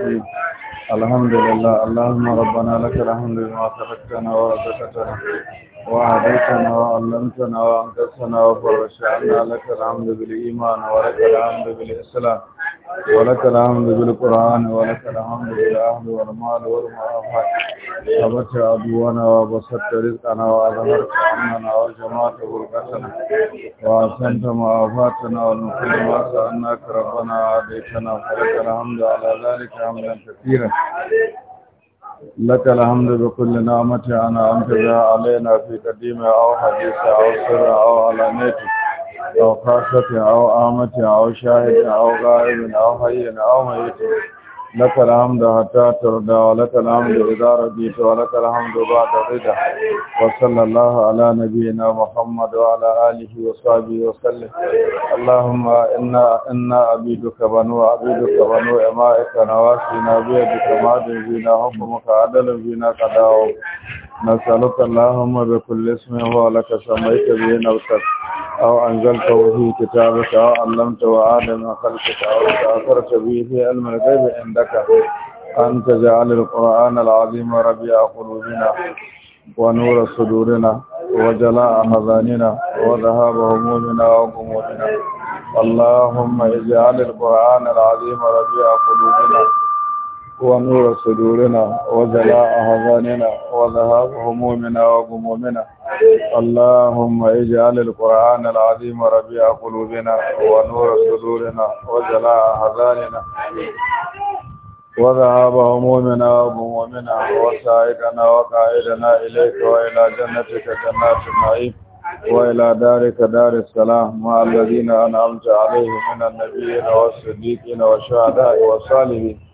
嗯。الحمد لله اللهم ربنا لك الحمد لما خلقتنا ورزقتنا وهديتنا وعلمتنا وأنقذتنا وفرشنا لك الحمد بالإيمان ولك الحمد بالإسلام ولك الحمد بالقرآن ولك الحمد بالأهل والمال والمعافاة ثبت عدونا وبسط رزقنا وأظهر أمننا وجمعت بركتنا وأحسنت معافاتنا ونقول ما سألناك ربنا عديتنا فلك الحمد على ذلك حمدا كثيرا لك الحمد بكل نعمة أنا أنت علينا في قديمة أو حديثة أو سر أو علانية أو خاصة أو آمة أو شاهد أو غائب أو حي أو ميت لك الحمد حتى ترضى ولك الحمد إذا رضيت ولك الحمد بعد رضا وصلى الله على نبينا محمد وعلى آله وصحبه وسلم اللهم إنا إنا عبيدك بنو عبيدك بنو إمائك نواسينا بيدك ماضي فينا حكمك عدل فينا قضاؤك نسألك اللهم بكل اسم هو لك سميت به نفسك أو أنزلته في كتابك أو علمته آدم خلقك أو تأثرت به في علم الغيب عندك أن تجعل القرآن العظيم ربيع قلوبنا ونور صدورنا وجلاء حزاننا وذهاب همومنا وغمومنا اللهم اجعل القرآن العظيم ربيع قلوبنا ونور صدورنا وزلاء هزاننا وذهاب همومنا وقمومنا اللهم اجعل القرآن العظيم ربيع قلوبنا ونور صدورنا وزلاء هزاننا وذهاب همومنا وقمومنا وسائقنا وقائدنا إليك وإلى جنتك جنات النعيم وإلى دارك دار السلام مع الذين أنعمت عليهم من النبيين والصديقين والشهداء والصالحين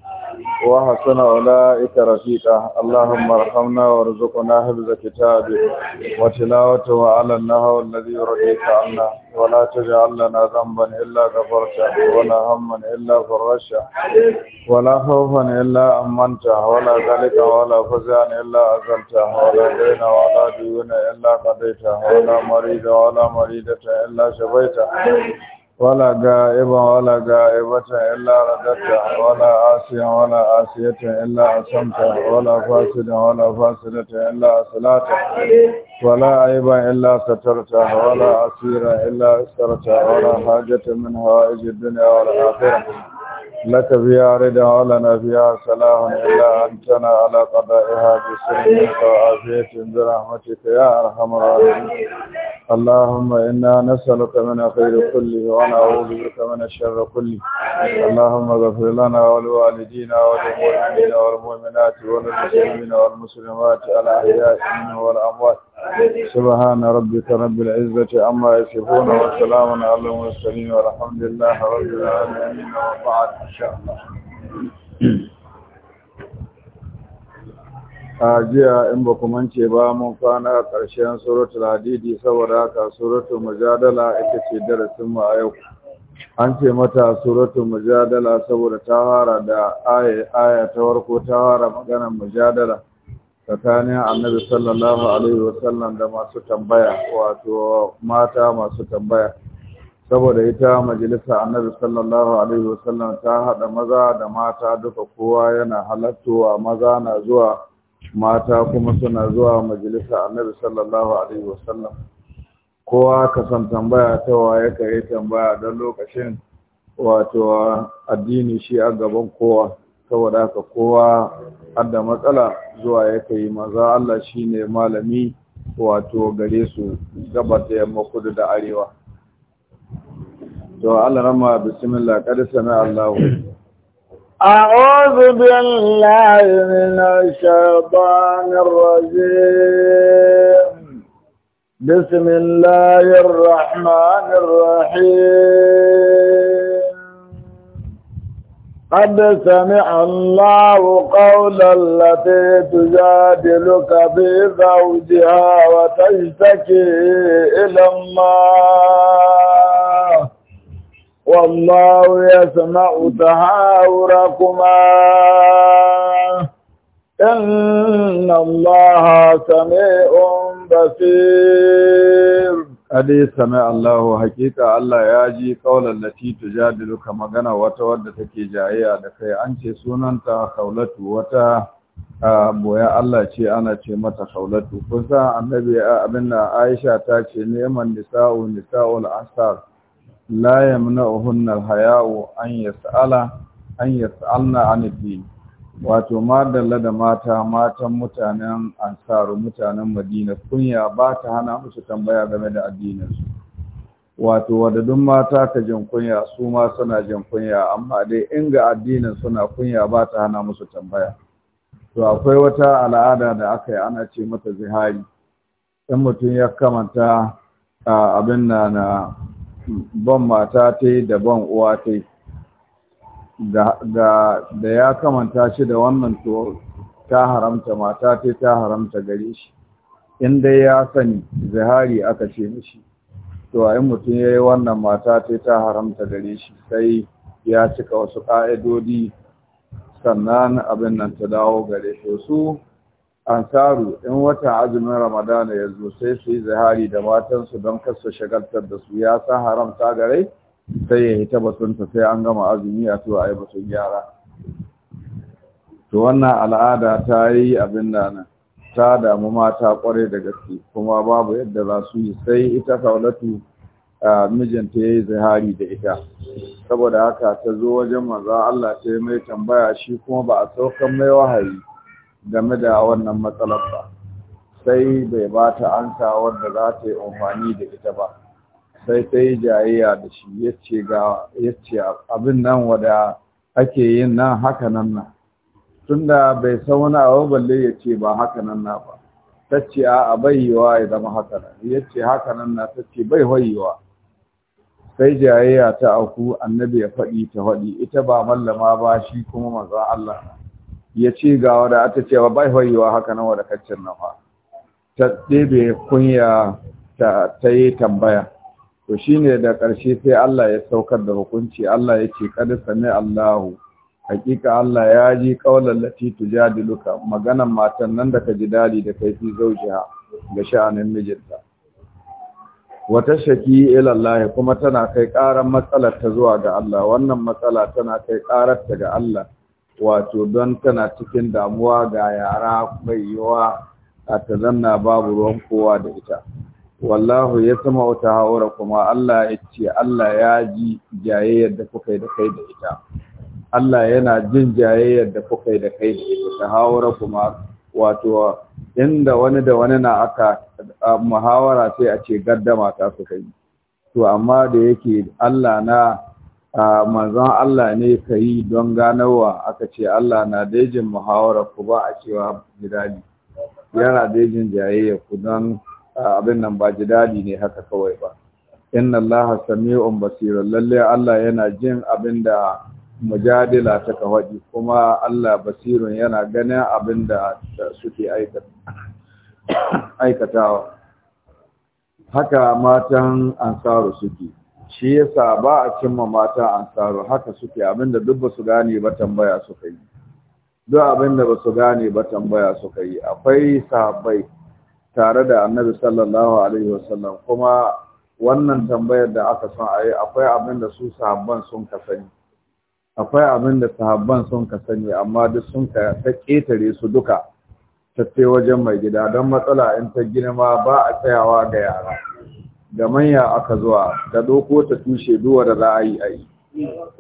وحسن أولئك رفيقا اللهم ارحمنا وارزقنا حفظ كتابك وتلاوته على النهو الذي يرضيك عنا ولا تجعل لنا ذنبا إلا غفرته ولا هما إلا فرشا ولا خوفا إلا أمنته ولا ذلك ولا فزعا إلا أزلته ولا دين ولا ديون إلا قضيته ولا مريض ولا مريضة إلا شفيته ولا غائبا ولا غائبة إلا رددت ولا عاصيا ولا عاصية إلا عصمت ولا فاسدا ولا فاسدة إلا أصلات ولا عيبا إلا سترت ولا عسيرا إلا أسرت ولا حاجة من هوائج الدنيا والآخرة لك فيها رضا ولنا فيها سلام إلا أنتنا على قضائها بسنك وعافية برحمتك يا أرحم الراحمين اللهم إنا نسألك من الخير كله ونعوذ بك من الشر كله اللهم اغفر لنا ولوالدينا وللمؤمنين والمؤمنات وللمسلمين والمسلمات الأحياء منهم والأموات سبحان ربك رب العزة عما يصفون وسلام على المرسلين والحمد لله رب العالمين وبعد إن شاء الله a jiya in ba ku mance ba mun kwana ƙarshen suratul hadidi saboda haka suratul mujadala ita ce darasin mu an ce mata suratul mujadala saboda ta fara da aya aya ta farko ta fara maganar mujadala tsakanin annabi sallallahu alaihi wasallam da masu tambaya wato mata masu tambaya saboda ita majalisa annabi sallallahu alaihi wasallam ta haɗa maza da mata duka kowa yana halattowa maza na zuwa mata kuma suna zuwa majalisa annabi sallallahu alaihi wasallam kowa ka san tambaya ta waye ka yi tambaya don lokacin wato addini shi a gaban kowa saboda haka kowa adda matsala zuwa ya kai maza Allah shine malami wato gare su gabata yamma kudu da arewa to Allah rama bismillah kada sana Allah أعوذ بالله من الشيطان الرجيم بسم الله الرحمن الرحيم قد سمع الله قول التي تجادلك في زوجها وتشتكي إلى الله والله يسمع تهاوركما إن الله سميع بصير adai sami Allahu hakika Allah ya ji kaular lati tujadiluka magana wata wadda take jayayya da kai an ce sunanta kaulatu wata boya Allah ce ana ce mata kaulatu kusa annabi abinda Aisha ta ce neman nisa'u nisa'ul asar la na al-haya'u an yas'ala an yas'alna 'an wato madalla da mata matan mutanen ansaru mutanen madina kunya ba ta hana musu tambaya game da addininsu wato wadadun duk mata ka jin kunya su ma suna jin kunya amma dai in ga addinin suna kunya ba ta hana musu tambaya to akwai wata al'ada da aka yi ana ce mata zihari in mutum ya kamanta abin na na ban mata ta yi da ban uwa ta yi da ya kamanta shi da wannan ta haramta mata ta ta haramta gare shi in dai ya sani zahari aka ce mishi to a mutum ya yi wannan mata ta ta haramta gare shi sai ya cika wasu ƙa'idodi sannan abin nan ta dawo gare shi su ansaru in watan azumin ramadana ya zo sai su yi zahari da matansu don kasa shagaltar da su ya san haramta gare sai ya ta batunta sai an gama azumi a tuwa a yi basun gyara to wannan al'ada ta yi abin da nan ta damu mata kware da gaske kuma babu yadda za su yi sai ita a mijinta ya yi zihari da ita saboda haka ta zo wajen maza Allah ta yi mai tambaya shi kuma ba a saukan mai wahayi game da wannan matsalar ba sai bai ba ta ansa wadda za ta yi amfani da ita ba sai ta yi jayayya da shi ya ce abin nan wada ake yin nan haka nan na tunda bai san wani abu balle ya ce ba haka nan na ba ta ce a wa ya zama haka nan ya ce haka nan na ta ce bai hoyewa sai jayayya ta auku annabi ya faɗi ta faɗi ita ba mallama ba shi kuma maza Allah ya ce ga wada ta ce ba bai hoyewa haka nan wada kaccin nan fa ta ɗebe kunya ta yi tambaya to shine da ƙarshe sai Allah ya saukar da hukunci Allah ya ce kada sami Allahu hakika Allah ya ji kaulan lati tujadiluka maganan matan nan da ka ji dali da kai fi zaujiha ga sha'anin mijinta wata shaki ila Allah kuma tana kai ƙarar matsalar ta zuwa ga Allah wannan matsala tana kai ƙarar ta ga Allah wato don tana cikin damuwa ga yara mai yiwa a ta zanna babu ruwan kowa da ita wallahu ya sama wata haura kuma Allah ya ce Allah ya ji jayayyar da kuka yi da kai da ita Allah yana jin jayayyar yadda kuka yi da kai da ita ta haura kuma wato inda wani da wani na aka muhawara sai a ce gaddama ta su kai. to amma da yake Allah na manzon Allah ne ka yi don ganowa aka ce Allah na daijin muhawara ku ba a cewa gidani yana daijin jayayyar ku don abin nan ba jidali ne haka kawai ba inna allaha sami'un basir lalle Allah yana jin abin da mujadila ta kawaji kuma Allah basirun yana ganin abin da suke aikatawa haka matan ansaru suke shi yasa ba a cimma mata ansaru haka suke da duk ba gane ba tambaya suka yi duk abinda ba su gane ba tambaya suka yi akwai sahabbai tare da annabi sallallahu alaihi wasallam kuma wannan tambayar da aka son ayi, yi akwai abin da su sahabban sun ka sani akwai abin da sahabban sun ka sani amma duk sun ka ta ƙetare su duka tafe wajen mai gida don matsala in ta girma ba a tsayawa ga yara da manya aka zuwa da doko ta tushe duwa da za a yi a yi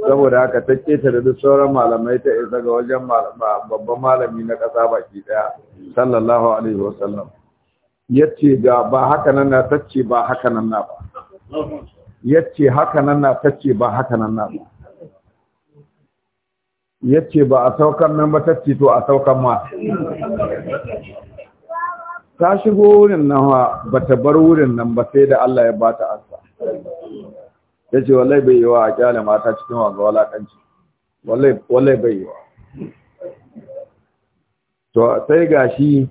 saboda haka ta da duk sauran malamai ta isa ga wajen babban malami na ƙasa baki ɗaya sallallahu alaihi wasallam yace da ba haka nan na tacce ba haka nan na ba yace haka nan na tacce ba haka nan na ba yace ba a saukan nan ba tacce to a saukan ma ta shigo wurin nan ba ta bar wurin nan ba sai da Allah ya ba ta ansa yace wallahi bai yi wa a kyale mata cikin wanga walakanci wallahi wallahi bai yi wa to sai gashi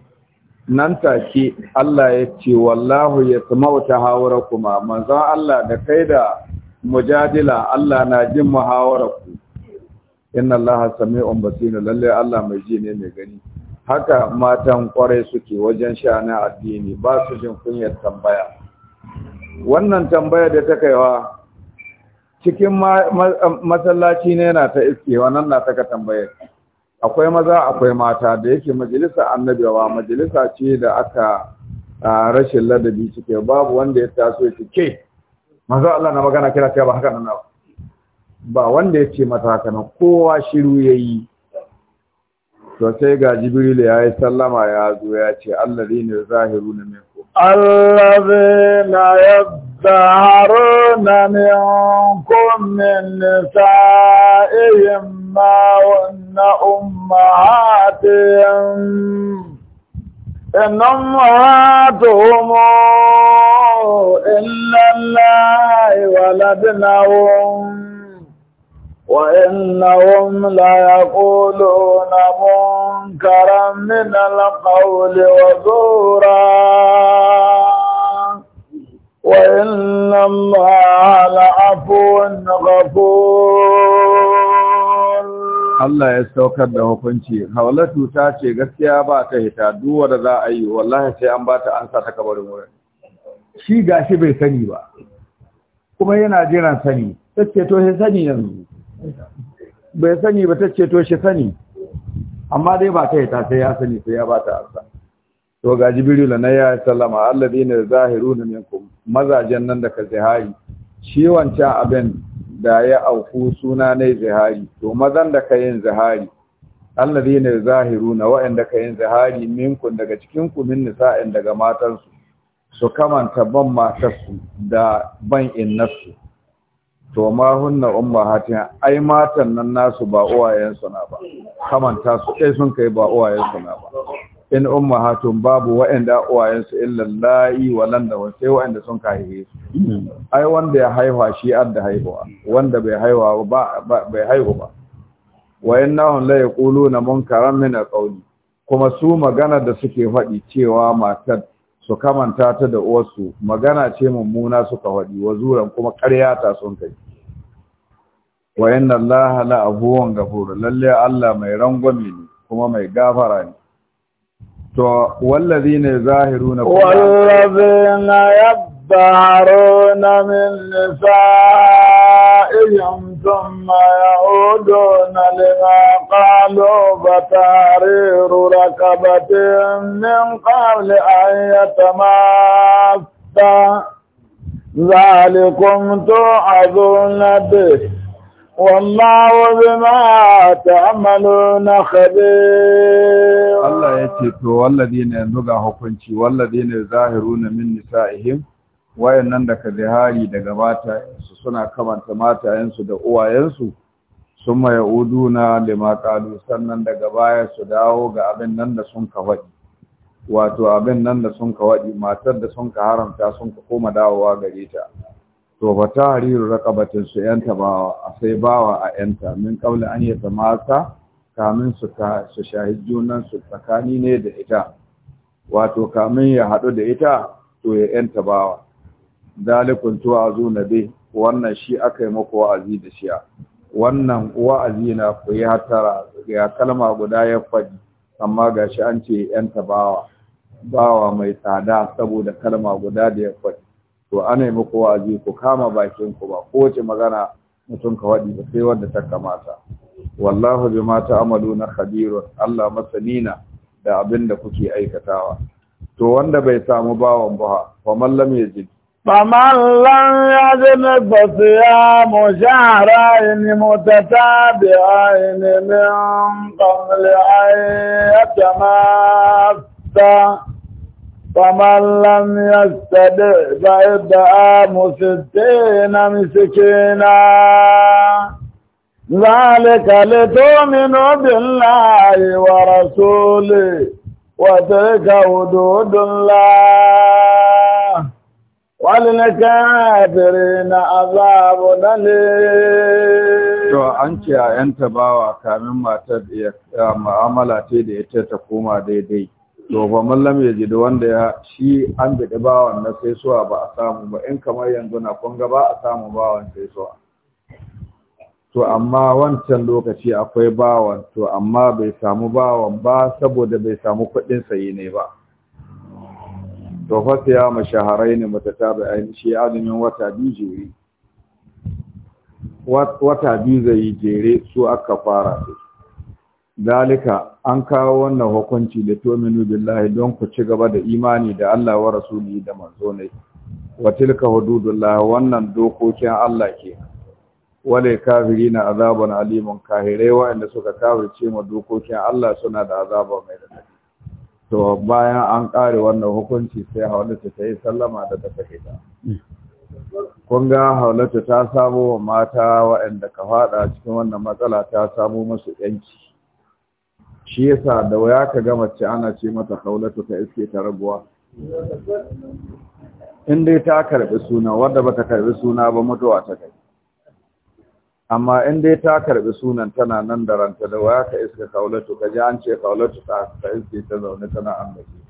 nan take Allah ya ce wallahu ya samau ta hawara kuma manzon Allah da kai da mujadila Allah na jin muhawara ku inna Allah sami'un basir lalle Allah mai ji ne mai gani haka matan kwarai suke wajen shana addini ba su jin kunya tambaya wannan tambaya da ta kaiwa cikin masallaci ne na ta iske wannan na ta ka tambayar akwai maza akwai mata da yake majalisa annabawa majalisa ce da aka rashin ladabi cike babu wanda ya taso ya ke maza Allah na magana kira ta ba haka nan ba wanda ya ce mata haka nan kowa shiru yayi to sai ga jibril ya yi sallama ya zo ya ce Allah allazina na minkum na yadharuna ko min nisa'ihim ma أمهاتهم إن أمهاتهم إلا الله ولدناهم وإنهم ليقولون منكرا من القول وزورا وإن الله لعفو غفور Allah ya saukar da hukunci hawlatu ta ce gaskiya ba ta hita duwa da za a yi wallahi sai an ba ta an sa ta kabarin wurin shi gashi bai sani ba kuma yana jiran sani tace to shi sani yanzu bai sani ba ta ce to shi sani amma dai ba ta hita sai ya sani sai ya ba ta ansa to ga jibril na ya sallama alladhina zahiruna minkum mazajen nan da ka zahiri shi wancan abin da ya auku suna ne zihari to mazan da ka yin zihari alladhina zahiruna waɗanda ka yin zihari minkun daga cikin ku nisa'in daga matansu su kamanta ban matarsu da ban innasu to ma hunna ummahatin ai matan nan nasu ba uwayensu na ba kamanta su kai sun kai ba uwayensu na ba in ummahatun babu wa'anda uwayen su illallahi walan da wasai wa'anda sun kaihe su mm-hmm. ai wanda ya haihuwa shi adda haihuwa wanda bai haihuwa ba bai haihu ba wa la yaquluna munkaran min alqawli kuma su magana da suke faɗi cewa matar su kamanta ta da uwarsu magana ce mummuna suka faɗi wa zuran kuma ƙarya ta sun kai wa inna allaha lalle allah mai rangwame ne kuma mai gafara ne to wallazina zahiruna wallazina yabharuna min nisa'ihim thumma ya'uduna lima qalu batariru rakabatin min qabli an yatamassa ذلكم توعظون به والله بما تعملون خبير الله yace to walladine yanzu ga hukunci walladine zahiruna min nisaihim wayannan da ka zahari daga mata su suna kamanta matayensu da uwayensu sun ma na lima qalu sannan daga baya su dawo ga abin nan da sun ka faɗi wato abin nan da sun ka waɗi matar da sun ka haramta sun ka koma dawowa gare ta to ba ta hariru rakabatin su yanta ba a sai bawa a yanta min kawai an yi mata kamin su ka su shahid junan su tsakani ne da ita wato kamin ya haɗu da ita to ya yanta bawa dalikun tuwa zu na bi wannan shi aka yi muku wa'azi da shi wannan wa'azi na ku yi hatara ya kalma guda ya faɗi amma gashi an ce yanta bawa bawa mai tsada saboda kalma guda da ya faɗi to ana yi muku wa'azi ku kama bakin ku ba kowace magana mutum ka waɗi ba sai wanda ta kamata wallahu ta'malu na Kabiru, Allah masanina da abin da kuke aikatawa to wanda bai samu bawon ba fa mallam yajid mu لم يجد فصيام شهرين متتابعين من قبل أن يتماسا فمن لم يستدع فإطعام ستين مسكينا ذلك لتؤمنوا بالله ورسوله وتلك حدود الله وللكافرين عذاب أليم to an ce a 'yan tabawa kamin matar da mu'amala دي دي. to mallam ya ji da wanda ya shi an bidi bawan na sai ba a samu ba in kamar yanzu na kunga ba a samu bawan sai to amma wancan lokaci akwai bawan to amma bai samu bawan ba saboda bai samu kuɗin sayi ne ba to fasiya mashaharai ne ainihin shi azumin wata biyu jere wata biyu zai jere su aka fara su dalika an kawo wannan hukunci da tominu billahi don ku ci gaba da imani da Allah wa rasuli da manzo ne wa tilka hududullah wannan dokokin Allah ke wale kafirina azaban alimun kahirai waɗanda suka kafirce ma dokokin Allah suna da azaba mai radadi to bayan an kare wannan hukunci sai haulata ta yi sallama da ta fahimta kun ga ta samo mata waɗanda ka faɗa cikin wannan matsala ta samo musu yanci shi yasa da waya ka ga mace ana ce mata haulatu ta iske ta raguwa in dai ta karbi suna ba ta karbi suna ba mutuwa ta kai amma in dai ta karbi sunan tana nan da ranta da waya ka iske haulatu ka ji an ce haulatu ta ta iske ta zaune tana ambaci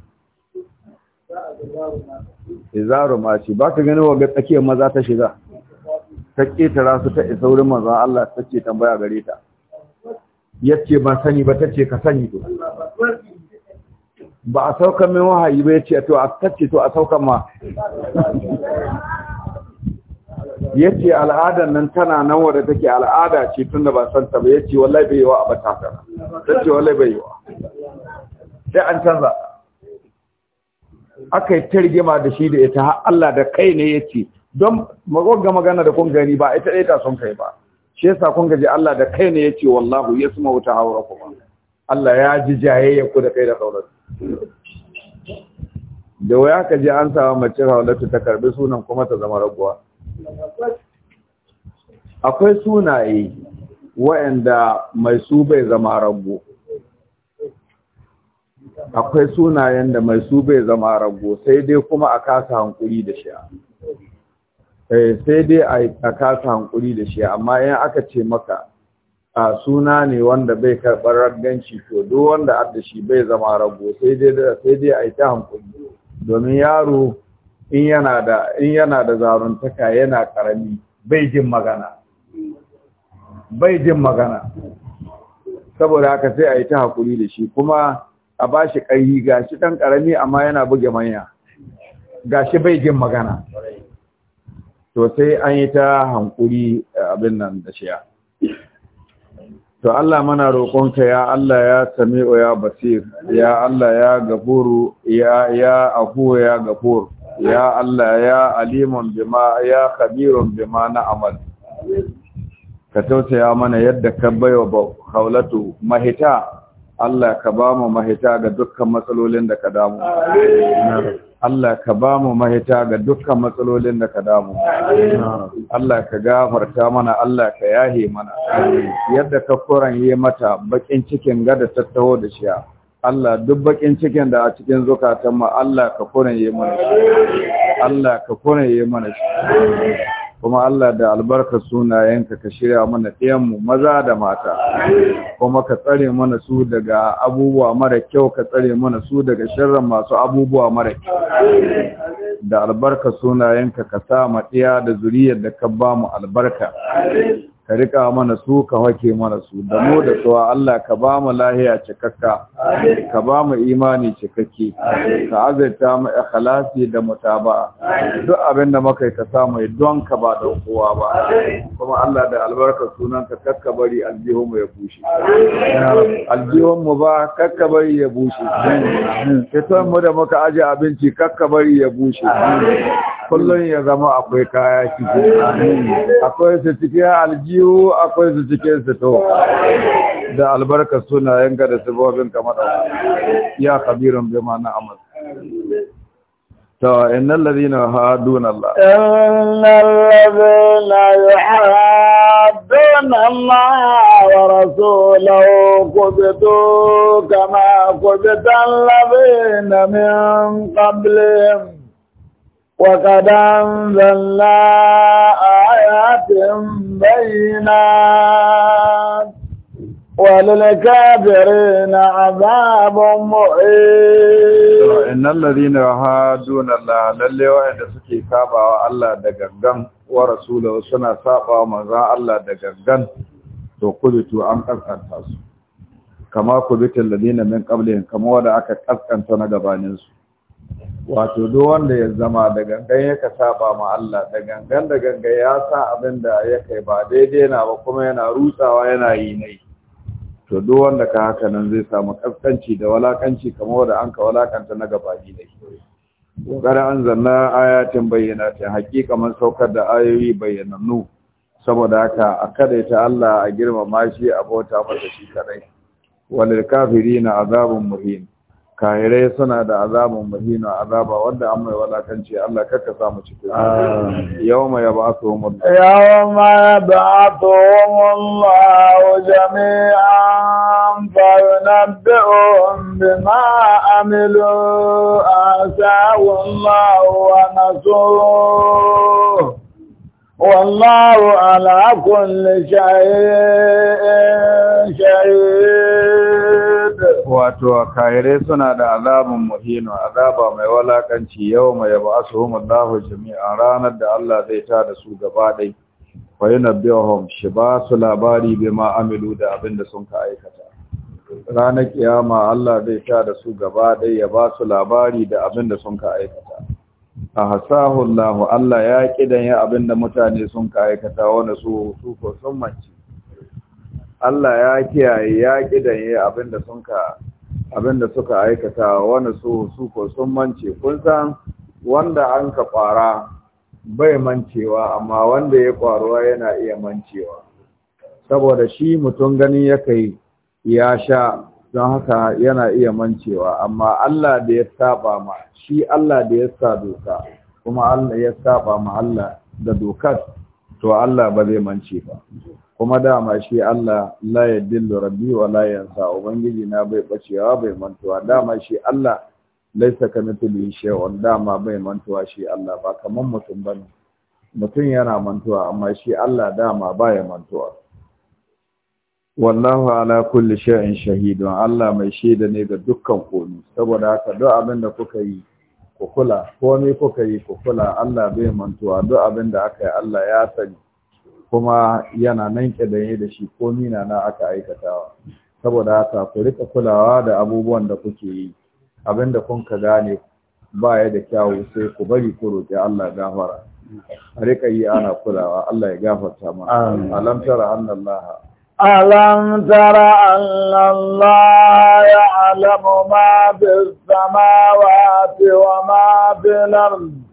izaru ma ce ba gani wa ga tsakiyar maza ta shiga ta ƙetara su ta isa wurin manzon Allah ta ce tambaya gare ta yace ban sani ba tace ka sani to ba a sauka min wahayi ba yace to a tace to a sauka ma yace al'adan nan tana nan wanda take al'ada ce tunda ba san ta ba yace wallahi bai yiwa a bata ta tace wallahi bai yiwa sai an canza akai yi targima da shi da ita Allah da kai ne yace don magoga magana da kun gani ba ita ɗaya ta son kai ba shi yasa kun gaji Allah da kai ne yace wallahu yasma'u kuma. Allah ya ji jayayya ku da kai da sauransu da waya ka je an samu mace haulatu ta karbi sunan kuma ta zama raguwa akwai sunaye wa'anda mai su bai zama rago akwai sunayen da mai su bai zama rago sai dai kuma a kasa hankuri da shi Eh, sai dai a kasa hankuri da shi amma in aka ce maka a suna ne wanda bai karɓar ragganci to duk wanda adda shi bai zama rago sai dai sai dai a yi ta hankuri domin yaro in yana da in yana da zaruntaka yana karami bai jin magana bai jin magana saboda haka sai a yi ta hakuri da shi kuma a ba shi ƙarfi shi ɗan ƙarami amma yana buge manya Ga shi bai jin magana to sai an yi ta hankuri eh, abin nan da shiya to Allah mana roƙonka ya Allah ya sami'u ya basir ya Allah ya gafuru ya ya afu ya gafur ya Allah ya alimun bima ya khabirun bima na amal ka tausaya mana yadda ka baiwa haulatu mahita Allah ka ba mu mahita ga dukkan matsalolin da ka damu Allah ka ba mu mahita ga dukkan matsalolin da ka damu Allah ka gafarta mana Allah ka yahe mana yadda ka yi mata bakin cikin gada tattaho da shi Allah duk bakin cikin da a cikin zukatanmu Allah ka yi mana Allah ka yi mana shi kuma Allah da albarkar sunayenka ka shirya mana ɗiyanmu maza da mata kuma ka tsare mana su daga abubuwa mara kyau ka tsare mana su daga shirin masu abubuwa mara kyau da albarkar sunayenka ka sa ma ɗiya da zuriyar da ka ba mu albarka ka rika mana su ka wake mana su da mu da tsawa Allah ka ba mu lahiya cikakka ka ba mu imani cikakke ka azaita mu ikhlasi da mutaba duk abin da muka ka samu don ka ba da kowa ba kuma Allah da albarkar sunan ka kakka bari aljihun mu ya bushe aljihun mu ba kakka bari ya bushe fitan mu da muka aje abinci kakka bari ya bushe kullun ya zama akwai kaya ciki akwai su cikin aljihu biyu akwai su cikin to da albarka albarkar sunayenka da sabobin kamar ya kabirin bai mana amal to innal ladina haduna Allah innal ladina yuhadduna Allah wa rasulahu kubitu kama kubita alladhina min qablihim وقد أنزلنا آيات بينات وللكافرين عذاب مؤيد إن الذين يهادون الله للي وإن سكي كابا الله دقاقا ورسوله سنة سابا مزا الله دقاقا وقلتوا أن أذكرت كما قلت الذين من قبلهم كما ودعك أذكرت نقبانيسوا wato duk wanda ya zama da gangan yaka saba ma Allah da gangan da ganga ya sa abin da ya kai ba daidai na ba kuma yana rutsawa yana yi nai to duk wanda ka haka nan zai samu kaskanci da walakanci kamar wanda anka ka walakanta na gaba ne kokar an zanna ayatin bayyana ta hakika man saukar da ayoyi bayyanannu saboda haka a ta Allah a girmama shi a bauta masa shi kadai walil kafirina azabun muhim? kahirai suna da azabin mahina azaba wanda an mai walakanci Allah kakka mu cikin yau mai ba su homo yau mai ba su homo Allah jami'an farnabbi'un bima amilu a sa'un wa nasu wallahu ala kulli shay'in shay'in wato kahire suna da azabun muhino azaba mai walakanci yau mai yaba asuhumullahu jami'a ranar da Allah zai ta da su gaba dai wa yunabbihum shi ba su labari bima amilu da abin da sun ka aikata ranar kiyama Allah zai ta da su gaba dai ya ba su labari da abin da sun ka aikata a hasahu Allah ya kidan ya abin da mutane sun ka aikata wanda su su ko sun mace Allah ya kiyaye ya kidaye abinda sun ka abinda suka aikata wani su su ko sun mance kun san wanda an ka fara bai mancewa amma wanda ya kwaruwa yana iya mancewa saboda shi mutum gani ya kai ya sha don haka yana iya mancewa amma Allah da ya saba ma shi Allah da ya sa doka kuma Allah ya saba ma Allah da dokar to Allah ba zai mance ba kuma dama shi Allah la yadillu rabbi wa la yansa ubangiji na bai bacewa bai mantuwa dama shi Allah laisa ka mithlihi shay'un dama bai mantuwa shi Allah ba kaman mutum bane mutum yana mantuwa amma shi Allah dama baya mantuwa wallahu ala kulli shay'in shahidun Allah mai shaida ne ga dukkan komai saboda haka duk abin da kuka yi ku kula komai kuka yi ku kula Allah bai mantuwa duk abin da aka yi Allah ya sani kuma yana nan kidaye da shi ko na na aka aikatawa saboda haka ku rika kulawa da abubuwan da kuke yi abinda kun ka gane ba ya da kyawu sai ku bari ku roƙi Allah gafara a rika yi ana kulawa Allah ya gafarta mana alam tara annallaha alam tara annallaha ya'lamu ma bis samawati wa ma bil ardh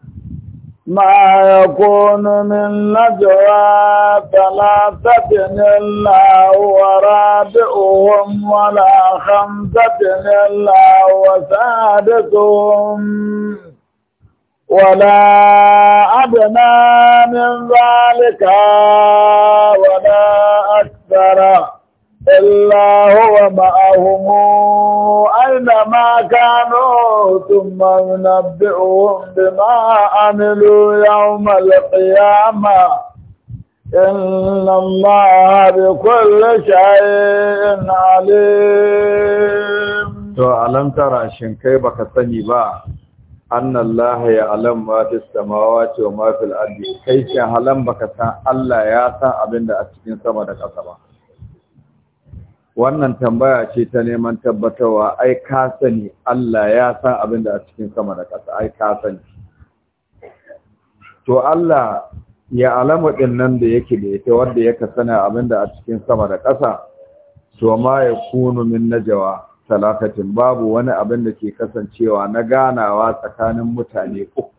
ما يكون من نجوى ثلاثة إلا هو رابعهم ولا خمسة إلا هو سادسهم ولا أدنى من ذلك ولا أكثر Allahu wa ma'ahumu aina ma kano thumma yunabbi'uhum bima amilu ya qiyamah inna Allah bi kulli shay'in alim to alam tara shin kai baka sani ba anna Allah ya alam ma fi samawati wa ma fi al-ardi kai shin halan baka san Allah ya san abinda a cikin sama da kasa ba wannan tambaya ce ta neman tabbatarwa ai ka sani Allah ya san abin da a cikin sama da ƙasa ai ka sani to Allah ya alamu din nan da yake da yake wanda yake sana abin da a cikin sama da ƙasa to ma ya kunu min najawa talatatin babu wani abin da ke kasancewa na ganawa tsakanin mutane uku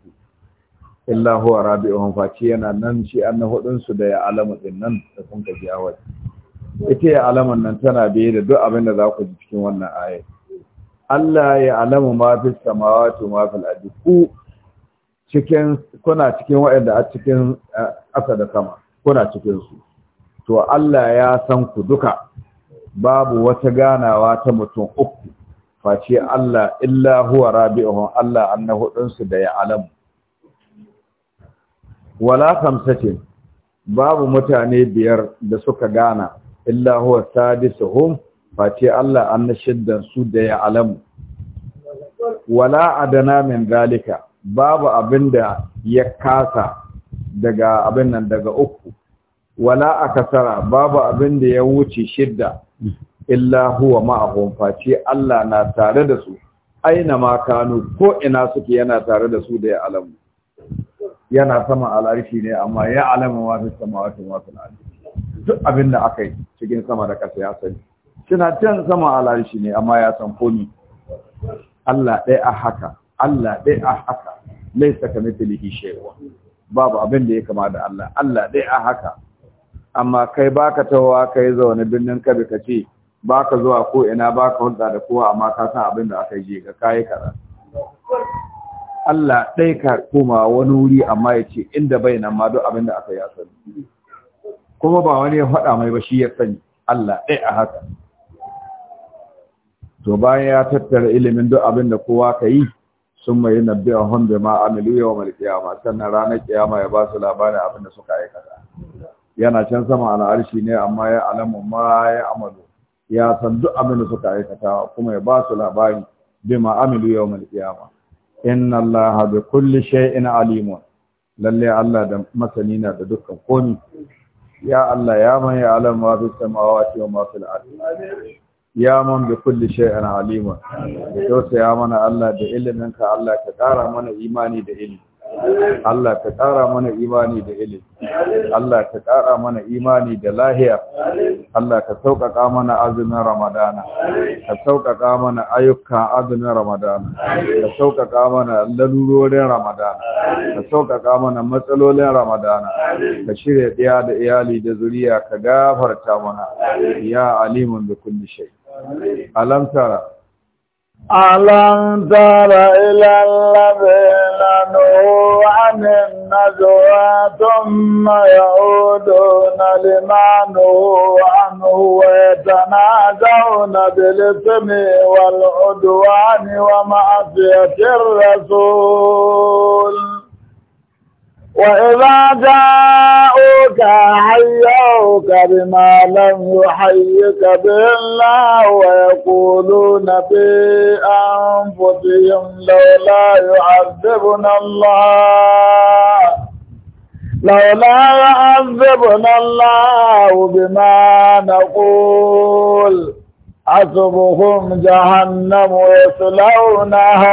illa huwa rabi'uhum fa yana nan shi an hudun su da ya alamu din nan da kun ga ji ita ya alaman nan tana biye da duk abin da za ku ji cikin wannan aya Allah ya alamu ma fi to ma fi al'adu ku cikin kuna cikin wa'anda a cikin asa da sama kuna cikin su to Allah ya san ku duka babu wata ganawa ta mutum uku face Allah illa huwa rabi'uhum Allah annahu dinsu da ya alamu wala kamsatin babu mutane biyar da suka gana illa huwa sadisuhum fati Allah an shiddan su da ya alamu wala adana min zalika babu abinda ya kasa daga abin nan daga uku wala akasara babu abinda ya wuce shidda illa huwa ma'ahum fati Allah na tare da su aina ma kanu ko ina suke yana tare da su da ya alamu yana sama al'arshi ne amma ya alamu wa fi samawati wa fil ardi duk abin da aka yi cikin sama da ƙasa ya sani suna can sama alarishi ne amma ya san komi Allah ɗaya a haka Allah ɗaya a haka laisa ka mithlihi shewa babu abin da ya kama da Allah Allah ɗaya a haka amma kai baka tawa kai zaune birnin kabi ka ce baka zuwa ko ina baka hulɗa da kowa amma ka san abin da aka je ka kai kara Allah ɗaya ka koma wani wuri amma ya ce inda bai nan ma duk abin da aka yi a sani kuma ba wani ya faɗa mai ba shi ya sani Allah ɗaya a haka to bayan ya tattara ilimin duk abin da kowa ka yi sun mai nabi a hundu ma amilu yau mal sannan ranar kiyama ya ba su labarin abin da suka aikata yana can sama al'arshi ne amma ya alamu ma ya amalu ya san duk abin da suka aikata kuma ya ba su labari ma amilu yau mal kiyama inna allaha bi kulli shay'in alimun lalle Allah da masani na da dukkan komi ya Allah ya man ya alam ma fi samawati wa ma ya man bi kulli shay'in alim ya mana Allah da iliminka Allah ka ƙara mana imani da ilimi Allah ka ƙara mana imani da ilimi Allah ka ƙara mana imani da lahiya Allah ka sauƙaƙa mana azumin Ramadana ka sauƙaƙa mana ayyukan azumin Ramadana ka sauƙaƙa mana lalurorin Ramadana ka sauƙaƙa mana matsalolin Ramadana ka shirya ɗaya da iyali da zuriya ka gafarta mana ya alimun da kulli shay alam tara alam tara ila alladhina عن النجوى ثم يعودون لما نهوا عنه ويتنازعون بالإثم والعدوان ومعصية الرسول وإذا جاءوك حيوك بما لم يحيك به الله ويقولون في أنفسهم لولا يعذبنا الله لولا يعذبنا الله بما نقول حسبهم جهنم يصلونها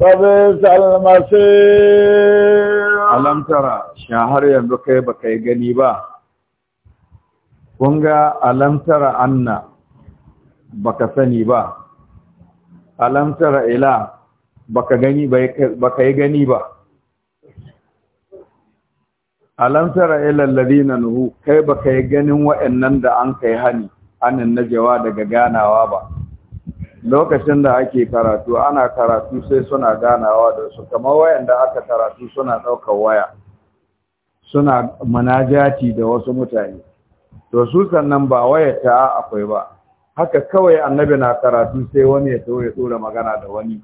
فبئس المصير ألم ترى شهر يندك بكي غنيبا kunga alamtara anna baka sani ba alamtara ila baka gani baka yi gani ba alamtara ila alladhina nuhu kai baka yi ganin wa'annan da an kai hani na jawa daga ganawa ba lokacin da ake karatu ana karatu sai suna ganawa da su kamar da aka karatu suna ɗaukar waya suna manajati da wasu mutane to su sannan ba waya ta akwai ba haka kawai annabi na karatu sai wani ya tawo ya tsora magana da wani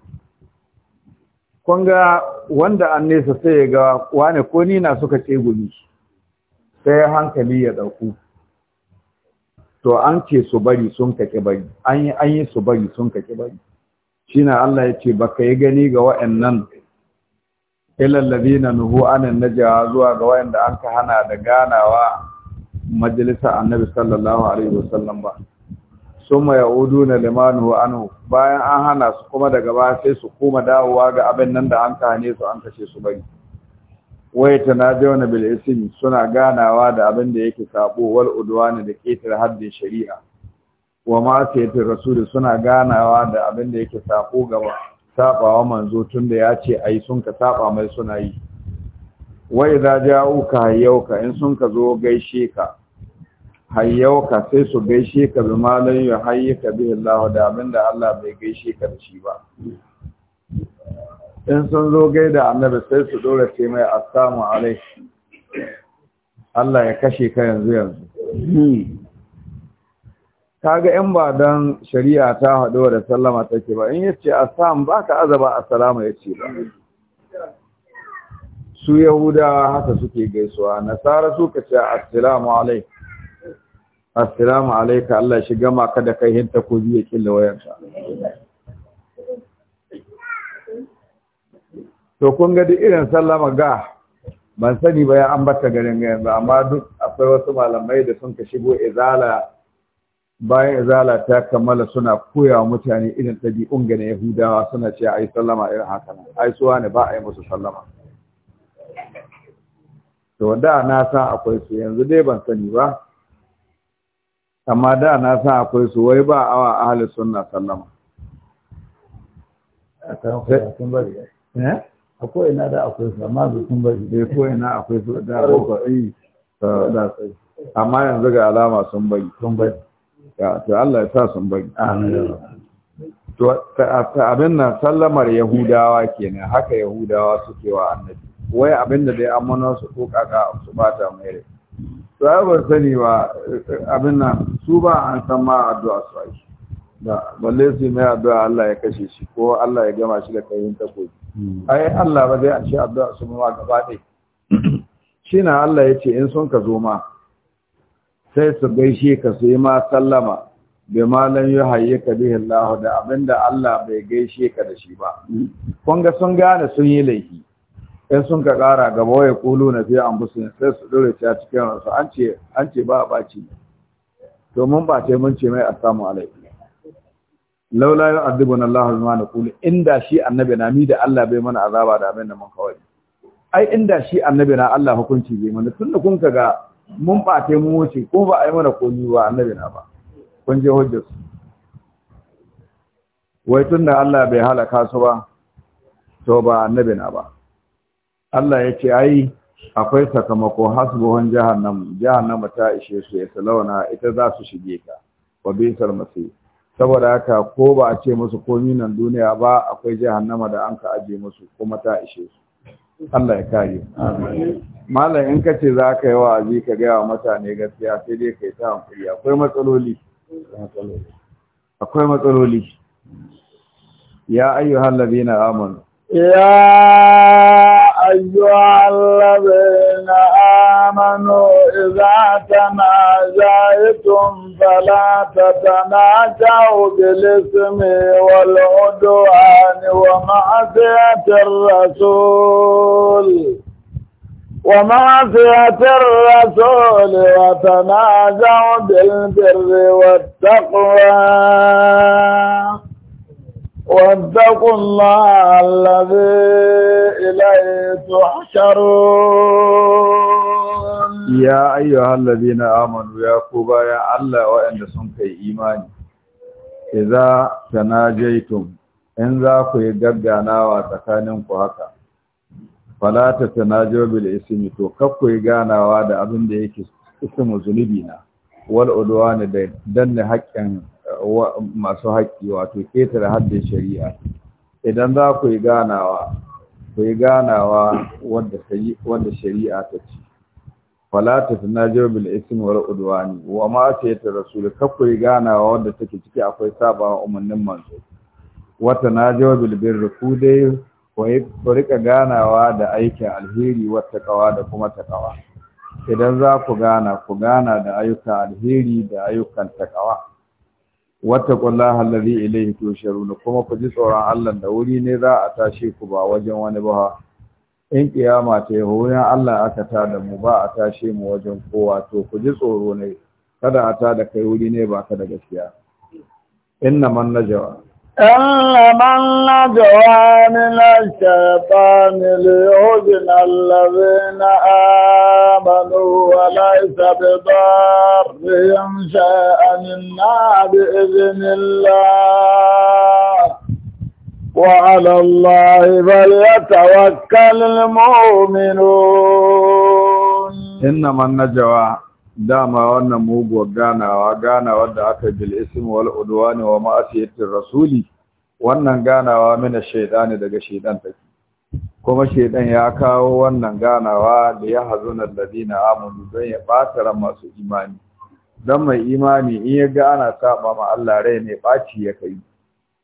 kun ga wanda an nesa sai ya ga wane ko Nina suka ce gumi sai hankali ya ɗauku to an ce su bari sun kaki bari an yi an yi su bari sun kaki bari Shi na Allah ya ce baka yi gani ga wa'annan ilal na nuhu anan na jawa zuwa ga wa'anda an ka hana da ganawa majalisa annabi sallallahu alaihi wasallam ba yahudu na limanu anhu bayan an hana su kuma daga ba sai su koma dawowa ga abin nan da an ka hane su an kashe su bari waya tanadawna bil ismi suna ganawa da abin da yake sabo wal udwani da ketar haddin shari'a wa ma sayyidir rasul suna ganawa da abin da yake sabo gaba sabawa manzo tunda ya ce ai sun ka saba mai suna yi wa idza ja'uka hayyuka in sun ka zo gaishe ka hayyauka sai su gaishe ka bi malan ya bihi Allah da abinda Allah bai gaishe ka da shi ba in sun zo gaida annabi sai su dora ce mai assalamu alaikum Allah ya kashe ka yanzu yanzu kaga in ba dan shari'a ta hado da sallama take ba in yace assam baka azaba assalamu yace ba su yahuda haka suke gaisuwa nasara su ka ce assalamu alaikum assalamu alaikum Allah shi gama ka da kai hinta ko biye killa wayarta to kun ga duk irin sallama ga ban sani ba ya ambata garin ga yanzu amma duk akwai wasu malamai da sun ka shigo izala bayan izala ta kammala suna koya mutane irin ɗabi'un ga na yahudawa suna a ai sallama irin haka nan ai suwa ne ba a yi musu sallama to da na san akwai su yanzu dai ban sani ba amma da na san akwai su wai ba awa ahli sunna sallama a kan bari eh a ko'ina da akwai su amma su sun bari dai eh, ko'ina akwai su da akwai eh, amma yanzu ga alama sun bari sun bari to Allah ya sa sun bari to abin nan sallamar yahudawa kenan haka yahudawa suke wa annabi wai abin da dai amana su ko kaka su bata mai rai to ai ban sani ba abin nan su ba an san ma addu'a su ai da balle su mai addu'a Allah ya kashe shi ko Allah ya gama shi da kayan takobi hmm. ai Allah ba zai ashe addu'a su ma gaba ɗaya shi na Allah ya ce in sun ka zo ma sai su gaishe ka su yi ma sallama bai malam yi haye ka bihin Allah da abinda Allah bai gaishe ka da shi ba hmm. kun ga sun gane sun yi laifi in sun ka ƙara gaba waya kulu na fiye an busu sai su ɗore ta cikin ransu an ce ba a ɓaci domin ba ce mun ce mai assalamu alaikum laula na Allah bima Kulu, inda shi annabi na mi da Allah bai mana azaba da abin da mun kawai ai inda shi annabi na Allah hukunci bai mana tunda kun kaga mun bate mu wuce ko ba ai mana komi ba annabi na ba kun je hujjar su wai tunda Allah bai halaka su ba to ba annabi na ba Allah ya ce ai akwai sakamako hasbuhun jahannam jahannama ta ishe su ya salawana ita za su shige ta wa bisal masih saboda haka ko ba a ce musu komi nan duniya ba akwai jahannama da an ka aje musu kuma ta ishe su Allah ya kare malam in ka ce za ka yi wa'azi ka gaya wa mutane gaskiya sai dai kai ta hankali akwai matsaloli akwai matsaloli ya ayyuhal ladina amanu ya ayyuhal ladina amanu إذا تنازعتم فلا تتنازعوا بالاسم والعدوان ومعصية الرسول ومعصية الرسول وتنازعوا بالبر والتقوى واتقوا الله الذي إليه تحشرون يا أيها الذين آمنوا يا كوبا يا الله وإن سنك إيمان إذا تناجيتم إن ذاك يقبعنا وتكاننك هكا فلا تتناجوا بالإسم تو كفو يقانا وادا أبن ديك اسم زنبينا والأدوان دين دن حقا masu haƙƙi wato ƙetare haddin shari'a idan za ku yi ganawa ku yi ganawa wadda shari'a ta ce fala ta tana isin isim udwani wa ma ta yata rasul ka ku yi ganawa wadda take ciki akwai saba umarnin manzo wata na jirbil bin rufu dai ku riƙa ganawa da aikin alheri wata kawa da kuma takawa idan za ku gana ku gana da ayyukan alheri da ayyukan takawa wattaqu allaha alladhi ilayhi tusharuna kuma ku ji tsoron Allah da wuri ne za a tashe ku ba wajen wani ba in kiyama ta yi hoyan Allah aka ta da mu ba a tashe mu wajen kowa to ku ji tsoro ne kada a ta da kai wuri ne ba ka da gaskiya inna man najwa إلا من نجوى من الشيطان ليهزن الذين آمنوا وليس بضارهم شيئا إلا بإذن الله وعلى الله فليتوكل المؤمنون إنما النجوى dama wannan muguwar ganawa ganawar da aka bil ismi wal udwani wa ma'asiyatir rasuli wannan ganawa mina shaytani daga shaytan take kuma shaytan ya kawo wannan ganawa da ya hazuna alladina amanu don ya bata ran masu imani dan mai imani in ya ga ana saba ma Allah rai ne baci ya kai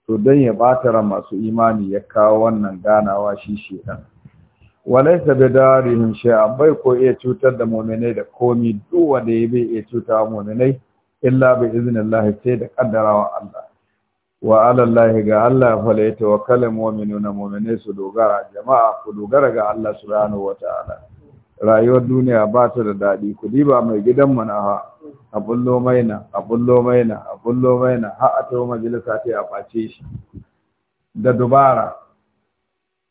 to don ya bata ran masu imani ya kawo wannan ganawa shi shaytan walaisa bi darihim sha'a bai ko iya cutar da mu'minai da komi duk da ya bai iya cuta mu'minai illa bi Allah sai da kaddarawa Allah wa ga Allah ya Allah wa kalin mominu na mu'minai su dogara jama'a ku dogara ga Allah subhanahu Ta'ala. rayuwar duniya ba ta da daɗi, ku diba mai gidan mu ha a bullo maina a bullo maina a bullo maina har a tawo majalisa ta a face shi da dubara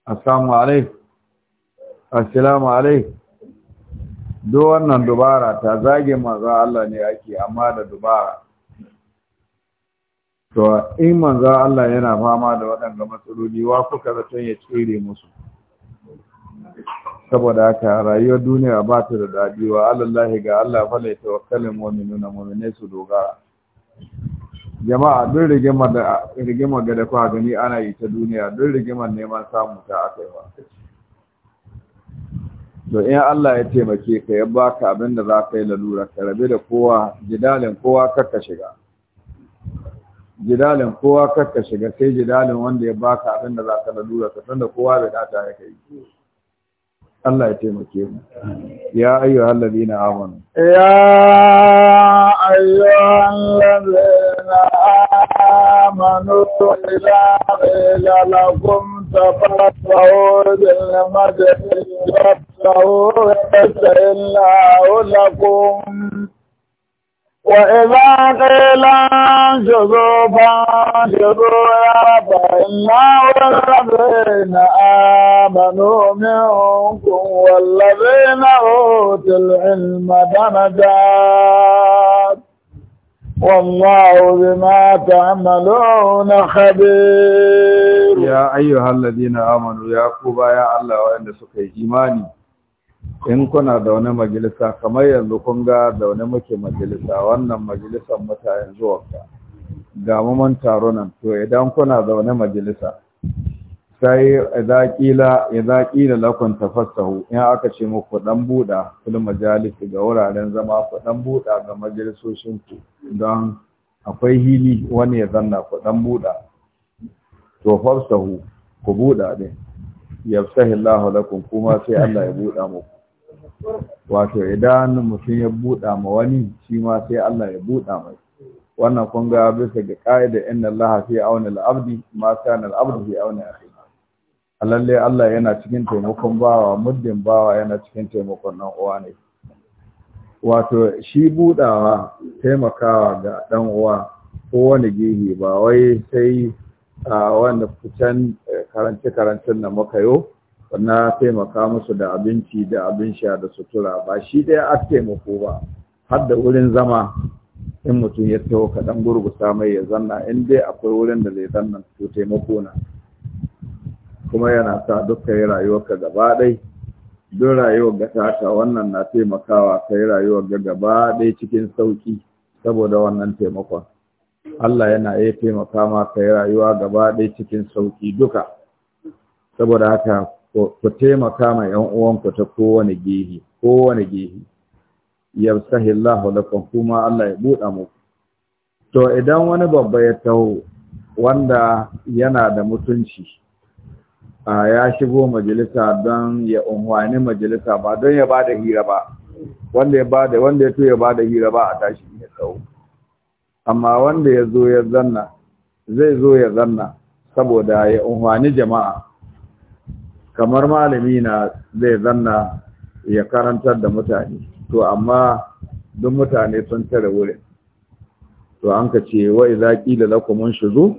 assalamu alaikum assalamu alaikum duk wannan dubara ta zage manzon Allah ne ake amma da dubara to in manzon Allah yana fama da waɗanda matsaloli wa kuka zaton ya tsere musu saboda haka rayuwar duniya ba ta da daɗi wa Allah ga Allah lai tawakkalin mu'minuna mu'mine su dogara jama'a duk rigimar da rigimar ga da kwa gani ana yi ta duniya duk rigimar neman samu ta akai ba to in Allah ya taimake ka ya baka abin da za ka yi lalura ka rabe da kowa jidalin kowa karka shiga jidalin kowa karka shiga sai jidalin wanda ya baka abin da za ka lalura ka san da kowa bai data ya kai Allah ya taimake mu ya ayyuhal ladina amanu ya ayyuhal ladina amanu ila lakum فقطعوا بالمدد يبتعوا الله لكم وإذا قيل انشدوا فانشدوا يا فإنا والذين آمنوا منكم والذين أوتوا العلم درجات والله بما تعملون خبير يا أيها الذين آمنوا يا قوبا يا الله suka yi imani? in kuna da wani majalisa kamar yanzu kun ga da wani muke majalisa wannan majalisar mutayen zuwanka ga mu mun taro nan to idan kuna da wani majalisa sai idza qila idza qila lakum tafassahu in aka ce muku dan buda fil majalis ga wuraren zama ku dan buda ga majalisoshin ku don akwai hili wani ya zanna ku dan buda to fafsahu ku buda din yafsahi Allahu lakum kuma sai Allah ya buda muku wato idan mutum ya buda ma wani shi ma sai Allah ya buda mai wannan kun ga bisa ga ka'ida inna Allah fi auna al-abdi ma kana al-abdu fi auna akhi A lalle Allah yana cikin taimakon bawa muddin bawa yana cikin taimakon nan uwa ne wato shi budawa taimakawa ga dan uwa ko wani gihi ba wai sai a wanda fitan eh, karance karancen na makayo na taimaka musu da abinci da abin sha da sutura ba shi ɗaya a taimako ba har da wurin zama in mutum ya taho kaɗan gurgusa mai ya zanna in dai akwai wurin da zai zanna to taimako na kuma yana sa duka yi rayuwarka gaba ɗai don rayuwar ga taka wannan na taimakawa ka yi rayuwar ga gaba ɗai cikin sauƙi saboda wannan taimakon Allah yana iya taimaka ma ka yi rayuwa gaba ɗai cikin sauƙi duka saboda haka ku taimaka ma ‘yan uwanku ta kowane gehe kowane gehe yabsahillahu lakum kuma Allah ya buɗa mu. to idan wani babba ya taho wanda yana da mutunci ya shigo majalisa don ya unhwani majalisa ba don ya bada hira ba wanda ya bada wanda ya tuya bada hira ba a tashi ya tsawo amma wanda ya zo ya zanna zai zo ya zanna saboda ya unhwani jama'a kamar malami na zai zanna ya karantar da mutane to amma duk mutane sun tare wurin to an ka ce wa idza qila lakum shuzu